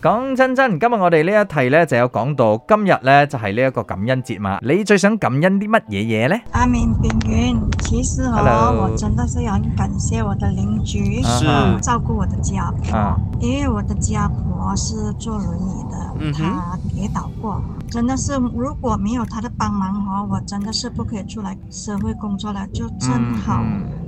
講真真，今日我哋呢一題呢就有講到，今日呢，就係呢一個感恩節嘛。你最想感恩啲乜嘢嘢呢？阿明、冰雲，其實嗬，我真的是很感謝我的鄰居，照顧我的家婆，uh. 因為我的家婆是坐輪椅的，uh -huh. 她跌倒過，真的是如果沒有她的幫忙嗬，我真的是不可以出來社會工作啦，就真好。Uh -huh.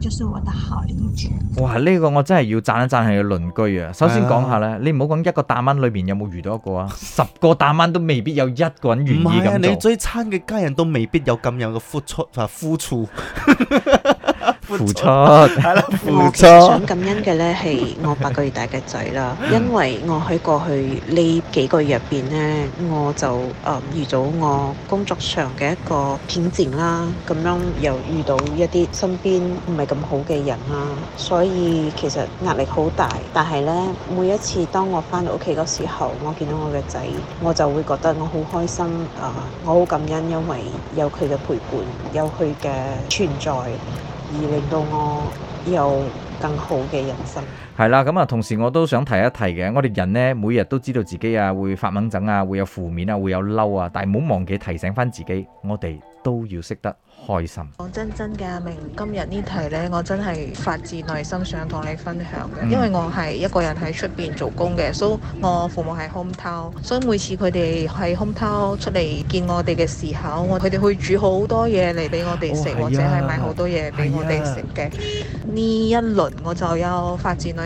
就是我的好鄰居。哇！呢、這個我真係要贊一贊係個鄰居啊！首先講下咧，你唔好講一個大蚊裏邊有冇遇到一個啊，十個大蚊都未必有一個人願意咁做。唔係啊、你最親嘅家人都未必有咁樣嘅付出，付 扶出，付 扶出。係咯，付出。我想感恩嘅咧係我八個月大嘅仔啦，因為我喺過去呢幾個月入邊咧，我就誒遇到我工作上嘅一個挑戰啦，咁樣又遇到一啲身邊。唔係咁好嘅人啦，所以其實壓力好大。但係呢，每一次當我返到屋企嗰時候，我見到我嘅仔，我就會覺得我好開心啊！我好感恩，因為有佢嘅陪伴，有佢嘅存在，而令到我有更好嘅人生。係啦，咁啊，同時我都想提一提嘅，我哋人呢，每日都知道自己啊會發猛癥啊，會有負面啊，會有嬲啊，但係唔好忘記提醒翻自己，我哋都要識得開心。講真真嘅，阿明今日呢題呢，我真係發自內心想同你分享嘅、嗯，因為我係一個人喺出邊做工嘅，所以我父母係 hometown，所以每次佢哋喺 hometown 出嚟見我哋嘅時候，我佢哋會煮好多嘢嚟俾我哋食，或者係買好多嘢俾我哋食嘅。呢、啊啊、一輪我就有發自內。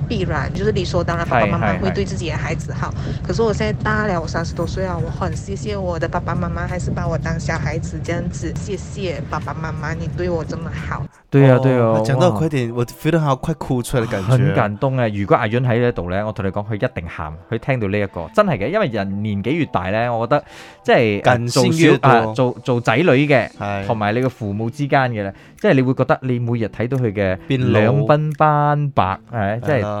必然就是理所當然，爸爸媽媽會對自己的孩子好。可是我現在大了，我三十多歲啊，我很謝謝我的爸爸媽媽，還是把我當小孩子，這樣子。謝謝爸爸媽媽，你對我這麼好。對呀、啊，對呀、啊，講到快點，我 feel 到好快哭出來的感覺，很感動啊。如果阿 Yun 喺呢喺度呢，我同你講，佢一定喊，佢聽到呢、這、一個真係嘅，因為人年紀越大呢，我覺得即係做、呃、做做仔女嘅，同埋你嘅父母之間嘅咧，即係你會覺得你每日睇到佢嘅兩鬢斑，斑，斑白，誒，即、啊、係。